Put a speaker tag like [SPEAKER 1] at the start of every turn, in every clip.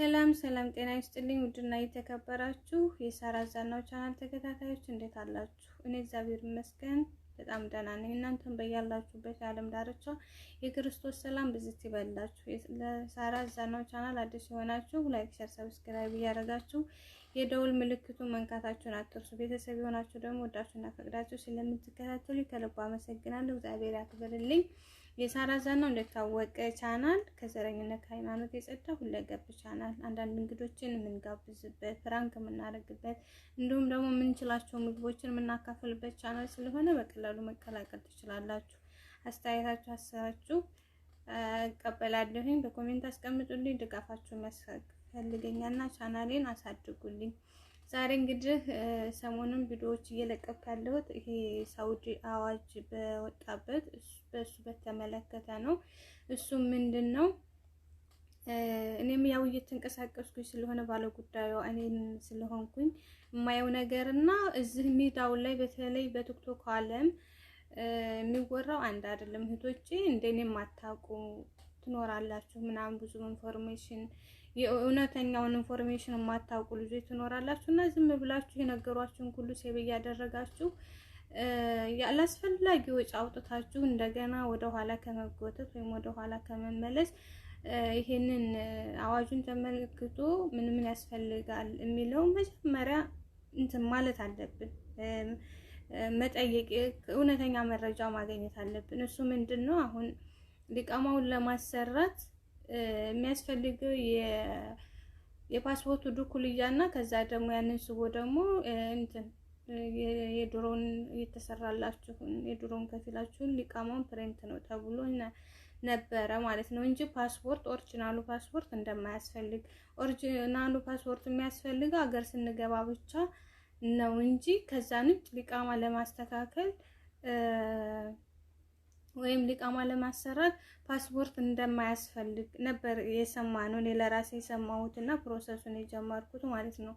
[SPEAKER 1] ሰላም ሰላም፣ ጤና ይስጥልኝ ውድና የተከበራችሁ የሳራ ዛናው ቻናል ተከታታዮች እንዴት አላችሁ? እኔ እግዚአብሔር ይመስገን በጣም ደህና ነኝ። እናንተም በያላችሁበት የዓለም ዳርቻ የክርስቶስ ሰላም ብዝት ይበላችሁ። ለሳራ ዛናው ቻናል አዲስ የሆናችሁ ላይክ፣ ሸር፣ ሰብስክራይብ እያደረጋችሁ የደውል ምልክቱ መንካታችሁን አትርሱ። ቤተሰብ የሆናችሁ ደግሞ ወዳችሁና ፈቅዳችሁ ስለምትከታተሉ ከልብ አመሰግናለሁ። እግዚአብሔር ያክብርልኝ። የሳራ ዛና እንደታወቀ ቻናል ከዘረኝነት ሃይማኖት የጸዳ ሁለገብ ቻናል፣ አንዳንድ እንግዶችን የምንጋብዝበት ፍራንክ የምናደርግበት እንዲሁም ደግሞ የምንችላቸው ምግቦችን የምናካፍልበት ቻናል ስለሆነ በቀላሉ መቀላቀል ትችላላችሁ። አስተያየታችሁ፣ ሀሳባችሁ እቀበላለሁኝ። በኮሜንት አስቀምጡልኝ። ድጋፋችሁ ያስፈልገኛልና ቻናሌን አሳድጉልኝ። ዛሬ እንግዲህ ሰሞኑን ቪዲዮዎች እየለቀኩ ያለሁት ይሄ ሳውዲ አዋጅ በወጣበት በእሱ በተመለከተ ነው። እሱም ምንድን ነው እኔም ያው እየተንቀሳቀስኩኝ ስለሆነ ባለጉዳዩ እኔም ስለሆንኩኝ የማየው ነገር እና እዚህ ሚዳው ላይ በተለይ በቲክቶክ ዓለም የሚወራው አንድ አይደለም። እህቶቼ እንደኔም አታውቁ ትኖራላችሁ ምናምን ብዙ ኢንፎርሜሽን የእውነተኛውን ኢንፎርሜሽን የማታውቁ ልጆች ትኖራላችሁ እና ዝም ብላችሁ የነገሯችሁን ሁሉ ሴብ እያደረጋችሁ ያላስፈላጊ ወጪ አውጥታችሁ እንደገና ወደኋላ ከመጎተት ወይም ወደኋላ ከመመለስ ይሄንን አዋጁን ተመልክቶ ምን ምን ያስፈልጋል የሚለው መጀመሪያ እንትን ማለት አለብን። መጠየቅ እውነተኛ መረጃ ማግኘት አለብን። እሱ ምንድን ነው? አሁን ሊቃማውን ለማሰራት የሚያስፈልገው የፓስፖርቱ ዱኩልያ እና ከዛ ደግሞ ያንን ስቦ ደግሞ እንትን የድሮን የተሰራላችሁን የድሮን ከፊላችሁን ሊቃማውን ፕሪንት ነው ተብሎ ነበረ ማለት ነው እንጂ ፓስፖርት ኦሪጂናሉ ፓስፖርት እንደማያስፈልግ ኦሪጂናሉ ፓስፖርት የሚያስፈልገው አገር ስንገባ ብቻ ነው እንጂ ከዛ ንጭ ሊቃማ ለማስተካከል ወይም ሊቃማ ለማሰራት ፓስፖርት እንደማያስፈልግ ነበር የሰማ ነው። እኔ ለራሴ የሰማሁት እና ፕሮሰሱን የጀመርኩት ማለት ነው።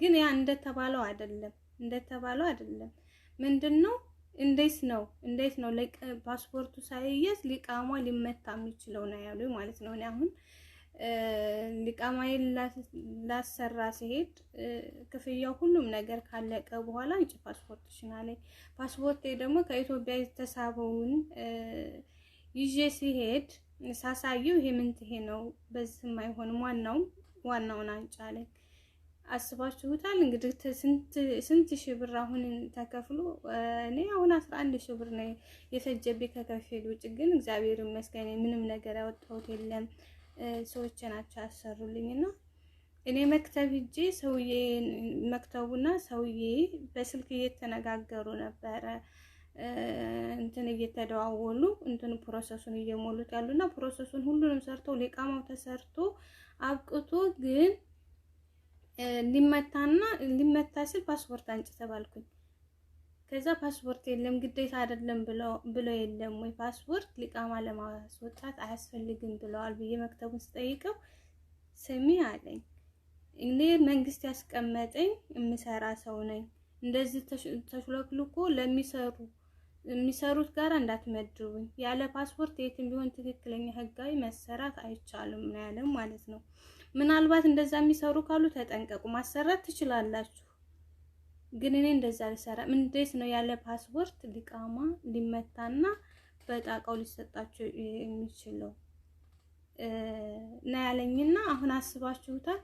[SPEAKER 1] ግን ያ እንደተባለው አይደለም፣ እንደተባለው አይደለም። ምንድን ነው? እንዴት ነው እንዴት ነው ፓስፖርቱ ሳይያዝ ሊቃማ ሊመታ የሚችለው ነው ያሉ ማለት ነው። እኔ አሁን ሊቃማዬን ላሰራ ሲሄድ ክፍያው ሁሉም ነገር ካለቀ በኋላ አንቺ ፓስፖርት ሽናለኝ ፓስፖርቴ ደግሞ ከኢትዮጵያ የተሳበውን ይዤ ሲሄድ ሳሳየው ይሄ ትሄ ነው፣ በዚህም አይሆንም፣ ዋናውም ዋናውን አንቺ አለኝ። አስባችሁታል እንግዲህ ስንት ሺህ ብር አሁን ተከፍሎ እኔ አሁን አስራ አንድ ሺህ ብር ነው የፈጀቤ ከከፊል ውጭ። ግን እግዚአብሔር ይመስገን ምንም ነገር ያወጣሁት የለም። ሰዎች ናቸው ያሰሩልኝ እና እኔ መክተብ ሂጄ ሰውዬ መክተቡና ሰውዬ በስልክ እየተነጋገሩ ነበረ እንትን እየተደዋወሉ እንትን ፕሮሰሱን እየሞሉት ያሉና ፕሮሰሱን ሁሉንም ሰርተው ሊቃማው ተሰርቶ አብቅቶ ግን ሊመታና ሊመታ ሲል ፓስፖርት አንጭ ተባልኩኝ። ከዛ ፓስፖርት የለም ግዴታ አይደለም ብለው የለም ወይ ፓስፖርት ሊቃማ ለማስወጣት አያስፈልግም ብለዋል ብዬ መክተቡን ስጠይቀው ስሚ አለኝ፣ እኔ መንግስት ያስቀመጠኝ የምሰራ ሰው ነኝ። እንደዚህ ተሽሎክልኮ ለሚሰሩ የሚሰሩት ጋር እንዳትመድቡኝ። ያለ ፓስፖርት የትም ቢሆን ትክክለኛ ህጋዊ መሰራት አይቻልም ነው ያለም ማለት ነው። ምናልባት እንደዛ የሚሰሩ ካሉ ተጠንቀቁ፣ ማሰራት ትችላላችሁ ግን እኔ እንደዛ አልሰራም። እንዴት ነው ያለ ፓስፖርት ሊቃማ ሊመታና በጣቃው ሊሰጣቸው የሚችለው እና ያለኝና አሁን አስባችሁታል።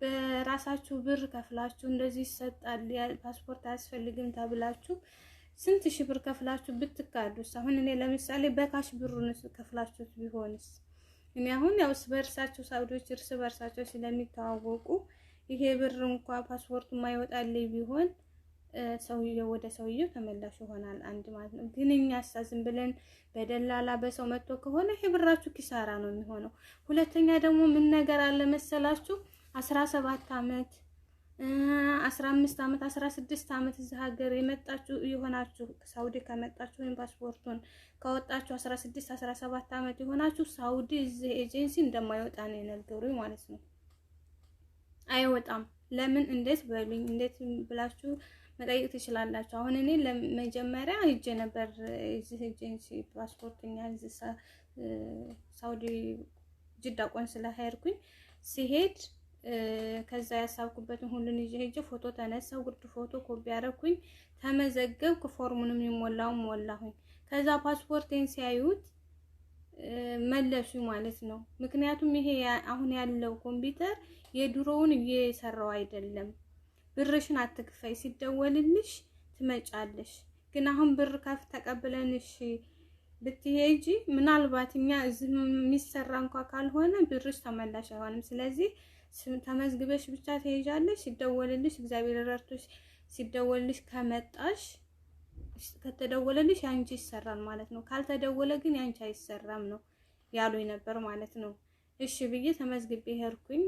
[SPEAKER 1] በራሳችሁ ብር ከፍላችሁ እንደዚህ ይሰጣል ፓስፖርት አያስፈልግም ተብላችሁ ስንት ሺህ ብር ከፍላችሁ ብትካዱስ? አሁን እኔ ለምሳሌ በካሽ ብሩን ከፍላችሁት ቢሆንስ? እኔ አሁን ያው እርስ በእርሳቸው ሳውዲዎች እርስ በርሳቸው ስለሚተዋወቁ ይሄ ብር እንኳ ፓስፖርቱ የማይወጣልኝ ቢሆን ሰውየው ወደ ሰውየው ተመላሽ ይሆናል አንድ ማለት ነው። ግን እኛ ዝም ብለን በደላላ በሰው መጥቶ ከሆነ ይሄ ብራችሁ ኪሳራ ነው የሚሆነው። ሁለተኛ ደግሞ ምን ነገር አለ መሰላችሁ አስራ ሰባት አመት አስራ አምስት አመት አስራ ስድስት አመት እዚህ ሀገር የመጣችሁ የሆናችሁ ሳውዲ ከመጣችሁ ወይም ፓስፖርቱን ከወጣችሁ አስራ ስድስት አስራ ሰባት አመት የሆናችሁ ሳውዲ እዚህ ኤጀንሲ እንደማይወጣ ነው የነገሩኝ ማለት ነው። አይወጣም። ለምን እንዴት በሉኝ፣ እንዴት ብላችሁ መጠየቅ ትችላላችሁ። አሁን እኔ ለመጀመሪያ ሂጄ ነበር እዚህ ኤጀንሲ ፓስፖርትኛ እኛ ሳውዲ ጅዳ ቆንስላ ሄድኩኝ። ሲሄድ ከዛ ያሳብኩበትን ሁሉን ይዤ ሄጄ ፎቶ ተነሳው፣ ጉርድ ፎቶ ኮቢ ያረኩኝ፣ ተመዘገብኩ። ፎርሙንም የሞላውን ሞላሁኝ። ከዛ ፓስፖርቴን ሲያዩት መለሱ ማለት ነው። ምክንያቱም ይሄ አሁን ያለው ኮምፒውተር የድሮውን እየሰራው አይደለም። ብርሽን አትክፈይ፣ ሲደወልልሽ ትመጫለሽ። ግን አሁን ብር ከፍ ተቀብለንሽ ብትሄጂ ምናልባት እኛ እዚህ የሚሰራ እንኳ ካልሆነ ብርሽ ተመላሽ አይሆንም። ስለዚህ ተመዝግበሽ ብቻ ትሄጃለሽ። ሲደወልልሽ እግዚአብሔር ረድቶሽ ሲደወልልሽ ከመጣሽ ከተደወለልሽ ያንቺ ይሰራል ማለት ነው፣ ካልተደወለ ግን ያንቺ አይሰራም ነው ያሉኝ ነበር ማለት ነው። እሺ ብዬ ተመዝግቤ ሄድኩኝ።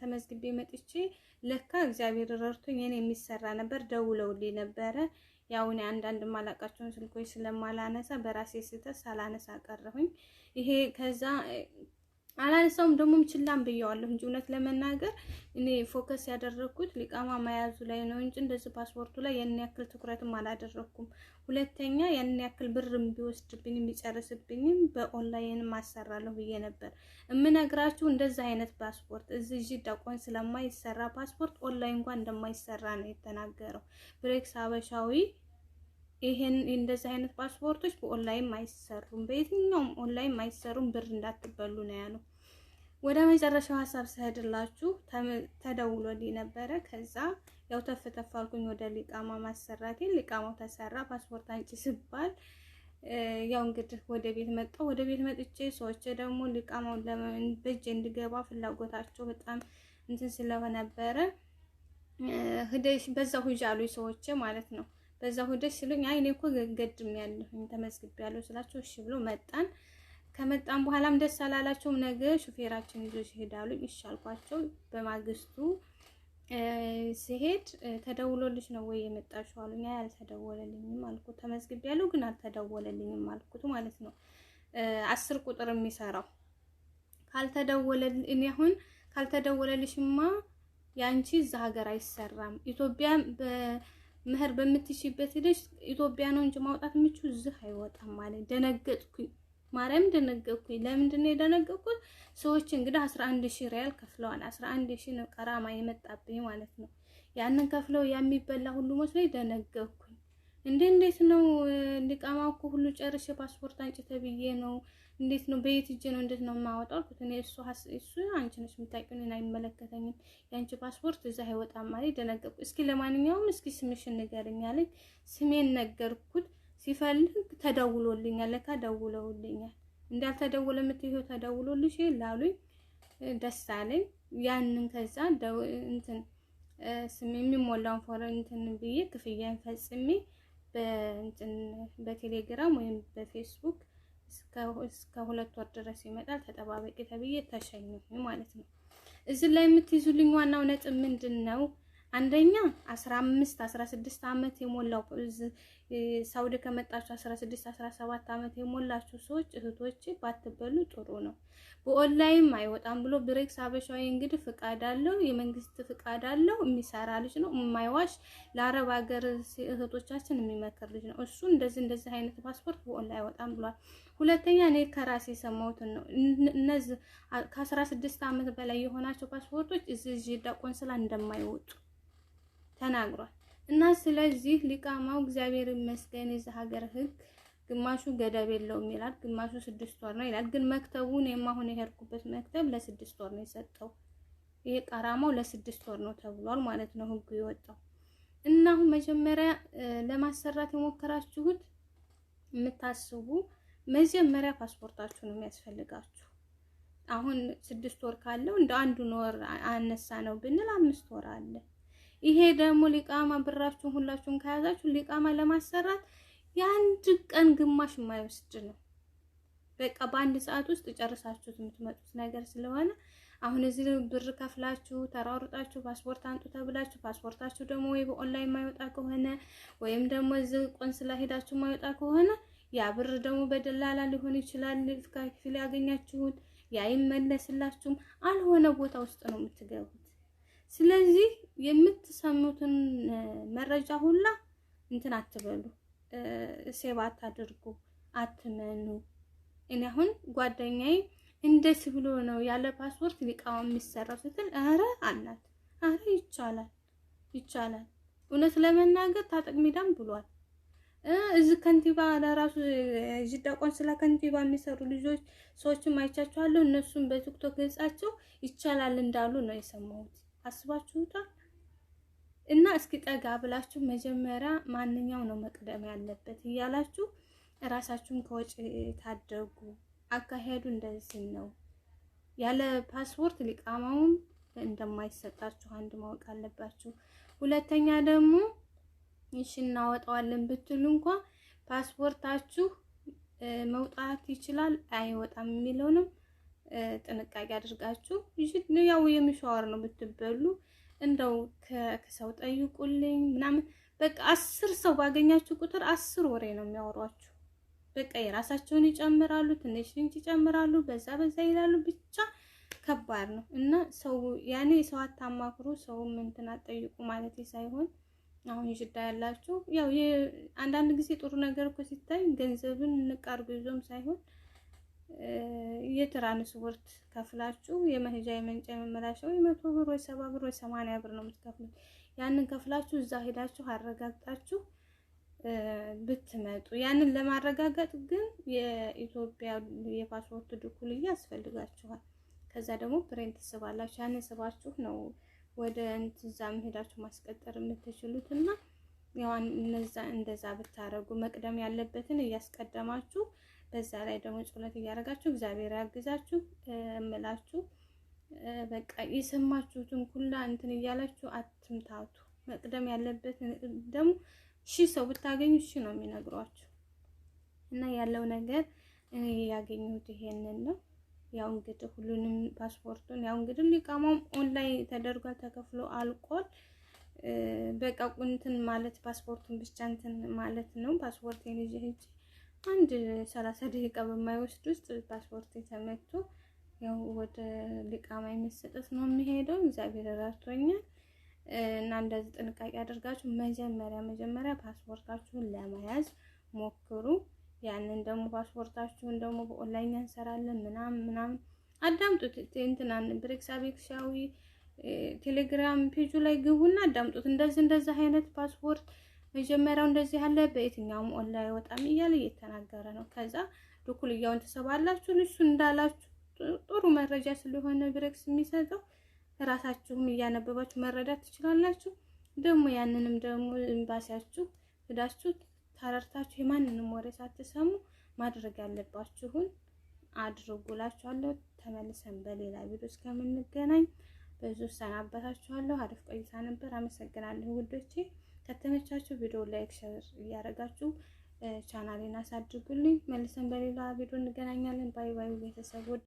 [SPEAKER 1] ተመዝግቤ መጥቼ ለካ እግዚአብሔር ረድቶኝ እኔ የሚሰራ ነበር። ደውለውልኝ ነበረ። ያው እኔ አንዳንድ ማላቃቸውን ስልኮች ስለማላነሳ በራሴ ስህተት ሳላነሳ ቀረሁኝ። ይሄ ከዛ አላነሳውም ደግሞም ችላም ብየዋለሁ እንጂ እውነት ለመናገር እኔ ፎከስ ያደረግኩት ሊቃማ መያዙ ላይ ነው እንጂ እንደዚህ ፓስፖርቱ ላይ ያን ያክል ትኩረትም አላደረግኩም። ሁለተኛ ያን ያክል ብርም ቢወስድብኝ ቢጨርስብኝም በኦንላይን ማሰራለሁ ብዬ ነበር እምነግራችሁ። እንደዚህ አይነት ፓስፖርት እዚህ እዚህ ዳቆን ስለማይሰራ ፓስፖርት ኦንላይን እንኳን እንደማይሰራ ነው የተናገረው ብሬክስ ሀበሻዊ ይሄን እንደዚህ አይነት ፓስፖርቶች በኦንላይን አይሰሩም፣ በየትኛውም ኦንላይን አይሰሩም፣ ብር እንዳትበሉ ነው ያለው። ወደ መጨረሻው ሀሳብ ስሄድላችሁ ተደውሎልኝ ነበረ። ከዛ ያው ተፍ አልኩኝ ወደ ሊቃማ ማሰራቴ። ሊቃማው ተሰራ ፓስፖርት አንጪ ሲባል ያው እንግዲህ ወደ ቤት መጣሁ። ወደ ቤት መጥቼ ሰዎች ደግሞ ሊቃማውን በእጄ እንዲገባ ፍላጎታቸው በጣም እንትን ስለነበረ በዛው ሂጅ አሉኝ ሰዎች ማለት ነው። በዛ ሁደ ሲሉኝ አይ እኔ እኮ ገድም ያለሁኝ ተመዝግብ ያለሁ ስላቸው እሺ ብሎ መጣን። ከመጣን በኋላም ደስ አላላቸውም። ነገ ሹፌራችን ይዞ ሲሄዳሉኝ እሺ አልኳቸው። በማግስቱ ሲሄድ ተደውሎልሽ ነው ወይ የመጣሽው አሉኝ። አይ አልተደወለልኝም አልኩ። ተመዝግብ ያለው ግን አልተደወለልኝም አልኩት ማለት ነው። አስር ቁጥር የሚሰራው ካልተደወለልኝ አሁን ካልተደወለልሽማ ያንቺ እዛ ሀገር አይሰራም ኢትዮጵያ መህር በምትሽበት ሄደሽ ኢትዮጵያ ነው እንጂ ማውጣት የምችው እዚህ አይወጣም ማለት ደነገጥኩኝ። ማርያም ደነገጥኩኝ። ለምንድን ነው የደነገጥኩት? ሰዎች እንግዲህ 11 ሺህ ሪያል ከፍለዋል። 11 ሺህ ነው ቀራማ የመጣብኝ ማለት ነው። ያንን ከፍለው የሚበላ ሁሉ መስሎኝ ደነገጥኩኝ። እንዴ እንዴት ነው ሊቃማኩ ሁሉ ጨርሼ ፓስፖርት አንጭ ተብዬ ነው እንዴት ነው በየት እጄ ነው እንዴት ነው የማወጣው አልኩት። እኔ እሱ እሱ አንቺ ነሽ የምታውቂው እኔን አይመለከተኝም፣ የአንቺ ፓስፖርት እዛ አይወጣም ማለት ደነገጥኩ። እስኪ ለማንኛውም እስኪ ስምሽን ንገሪኝ አለኝ። ስሜን ነገርኩት። ሲፈልግ ተደውሎልኛል፣ ለካ ደውለውልኛል። እንዳልተደወለ የምትይው ተደውሎልሽ ላሉኝ ደስ አለኝ። ያንን ከዛ እንትን ስሜ የሚሞላውን ፎረም እንትን ብዬ ክፍያን ፈጽሜ በእንትን በቴሌግራም ወይም በፌስቡክ እስከ ሁለት ወር ድረስ ይመጣል። ተጠባበቂ ተብዬ ተሸኘሁኝ ማለት ነው። እዚህ ላይ የምትይዙልኝ ዋናው ነጥብ ምንድን ነው? አንደኛ 15 16 ዓመት የሞላው ሳውዲ ከመጣችሁ 16 17 ዓመት የሞላችሁ ሰዎች እህቶች ባትበሉ ጥሩ ነው። በኦንላይን አይወጣም ብሎ ብሬክስ አበሻዊ እንግዲህ ፍቃድ አለው፣ የመንግስት ፍቃድ አለው። የሚሰራ ልጅ ነው፣ የማይዋሽ ለአረብ ሀገር እህቶቻችን የሚመክር ልጅ ነው። እሱ እንደዚህ እንደዚህ አይነት ፓስፖርት በኦንላይን አይወጣም ብሏል። ሁለተኛ እኔ ከራሴ የሰማሁትን ነው። እነዚህ ከ16 ዓመት በላይ የሆናቸው ፓስፖርቶች እዚህ ጅዳ ቆንስላ እንደማይወጡ ተናግሯል። እና ስለዚህ ሊቃማው እግዚአብሔር ይመስገን የዚህ ሀገር ህግ ግማሹ ገደብ የለውም ይላል፣ ግማሹ ስድስት ወር ነው ይላል። ግን መክተቡ እኔም አሁን የሄድኩበት መክተብ ለስድስት ወር ነው የሰጠው። ይሄ ቀራማው ለስድስት ወር ነው ተብሏል ማለት ነው ህጉ የወጣው። እና አሁን መጀመሪያ ለማሰራት የሞከራችሁት የምታስቡ መጀመሪያ ፓስፖርታችሁ ነው የሚያስፈልጋችሁ። አሁን ስድስት ወር ካለው እንደ አንዱን ወር አነሳ ነው ብንል አምስት ወር አለ። ይሄ ደግሞ ሊቃማ ብራችሁን ሁላችሁን ከያዛችሁ ሊቃማ ለማሰራት የአንድ ቀን ግማሽ የማይወስድ ነው። በቃ በአንድ ሰዓት ውስጥ ጨርሳችሁት የምትመጡት ነገር ስለሆነ አሁን እዚህ ብር ከፍላችሁ ተሯሩጣችሁ ፓስፖርት አንጡ ተብላችሁ ፓስፖርታችሁ ደግሞ ወይ በኦንላይን ማይወጣ ከሆነ ወይም ደግሞ እዚህ ቆንስላ ሄዳችሁ ማይወጣ ከሆነ ያ ብር ደግሞ በደላላ ሊሆን ይችላል ከፊል ያገኛችሁት ያይመለስላችሁም አልሆነ ቦታ ውስጥ ነው የምትገቡት። ስለዚህ የምትሰሙትን መረጃ ሁላ እንትን አትበሉ፣ ሴባ አታድርጉ፣ አትመኑ። እኔ አሁን ጓደኛዬ እንደስ ብሎ ነው ያለ ፓስፖርት ሊቃወም የሚሰራው ስትል ኧረ አላት፣ አረ ይቻላል ይቻላል። እውነት ለመናገር ታጠቅ ሚዳም ብሏል። እዚህ ከንቲባ ለራሱ ጅዳ ቆንስላ ከንቲባ የሚሰሩ ልጆች ሰዎችም አይቻቸዋለሁ። እነሱም በቲክቶክ ገጻቸው ይቻላል እንዳሉ ነው የሰማሁት። አስባችሁታል። እና እስኪ ጠጋ ብላችሁ መጀመሪያ ማንኛው ነው መቅደም ያለበት እያላችሁ እራሳችሁን ከወጪ ታደጉ። አካሄዱ እንደዚህ ነው። ያለ ፓስፖርት ሊቃማውም እንደማይሰጣችሁ አንድ ማወቅ አለባችሁ። ሁለተኛ ደግሞ እሺ እናወጣዋለን ብትሉ እንኳን ፓስፖርታችሁ መውጣት ይችላል አይወጣም የሚለውንም ጥንቃቄ አድርጋችሁ ያው የሚሻወር ነው ብትበሉ፣ እንደው ከሰው ጠይቁልኝ ምናምን በቃ አስር ሰው ባገኛችሁ ቁጥር አስር ወሬ ነው የሚያወሯችሁ። በቃ የራሳቸውን ይጨምራሉ፣ ትንሽ እንጂ ይጨምራሉ፣ በዛ በዛ ይላሉ። ብቻ ከባድ ነው እና ሰው ያኔ ሰው አታማክሩ፣ ሰው እንትን አትጠይቁ ማለት ሳይሆን አሁን ይሽዳ ያላችሁ ያው አንዳንድ ጊዜ ጥሩ ነገር እኮ ሲታይ ገንዘብን ንቃርጉ ይዞም ሳይሆን የትራንስፖርት ከፍላችሁ የመሄጃ የመንጫ ወይ መቶ ብር ወይ ሰባ ብር ወይ ሰማንያ ብር ነው የምትከፍሉት። ያንን ከፍላችሁ እዛ ሄዳችሁ አረጋግጣችሁ ብትመጡ ያንን ለማረጋገጥ ግን የኢትዮጵያ የፓስፖርት ዱኩልዬ ያስፈልጋችኋል። ከዛ ደግሞ ፕሬንት ስባላችሁ ያንን ስባችሁ ነው ወደ እንትዛ መሄዳችሁ ማስቀጠር የምትችሉት እና ያው እነዛ እንደዛ ብታረጉ መቅደም ያለበትን እያስቀደማችሁ በዛ ላይ ደግሞ ጸሎት እያደረጋችሁ እግዚአብሔር ያግዛችሁ እምላችሁ። በቃ የሰማችሁትን ሁላ እንትን እያላችሁ አትምታቱ። መቅደም ያለበት ደግሞ ሺ ሰው ብታገኙ ሺ ነው የሚነግሯችሁ። እና ያለው ነገር እኔ ያገኘሁት ይሄንን ነው። ያው እንግዲህ ሁሉንም ፓስፖርቱን ያው እንግዲህ ሊቃማም ኦንላይን ተደርጓል፣ ተከፍሎ አልቋል። በቃ ቁንትን ማለት ፓስፖርቱን ብቻ እንትን ማለት ነው። ፓስፖርቴን ይዤ ሂጅ አንድ ሰላሳ ደቂቃ በማይወስድ ውስጥ ፓስፖርት የተመቶ ያው ወደ ሊቃማ የሚሰጠት ነው የሚሄደው። እግዚአብሔር ረድቶኛል እና እንደዚህ ጥንቃቄ አድርጋችሁ መጀመሪያ መጀመሪያ ፓስፖርታችሁን ለመያዝ ሞክሩ። ያንን ደግሞ ፓስፖርታችሁን ደግሞ በኦንላይን እንሰራለን ምናምን ምናምን አዳምጡት። እንትናን ብሬክስ አቤክሳዊ ቴሌግራም ፔጁ ላይ ግቡና አዳምጡት። እንደዚህ እንደዚህ አይነት ፓስፖርት መጀመሪያው እንደዚህ ያለ በየትኛውም ኦንላይን ወጣም እያለ እየተናገረ ነው። ከዛ ዱኩልያውን ትሰባላችሁ። እሱ እንዳላችሁ ጥሩ መረጃ ስለሆነ ብሬክስ የሚሰጠው ራሳችሁም እያነበባችሁ መረዳት ትችላላችሁ። ደግሞ ያንንም ደግሞ ኤምባሲያችሁ ሄዳችሁ ተረድታችሁ የማንንም ወሬ ሳትሰሙ ማድረግ ያለባችሁን አድርጉላችኋለሁ። ተመልሰን በሌላ ቪዲዮ እስከምንገናኝ በዙ ሰናበታችኋለሁ። አሪፍ ቆይታ ነበር። አመሰግናለሁ ውዶቼ። ከተመቻችሁ ቪዲዮ ላይክ፣ ሸር እያደረጋችሁ ቻናሌን አሳድጉልኝ። መልሰን በሌላ ቪዲዮ እንገናኛለን። ባይ ባይ ቤተሰቦች።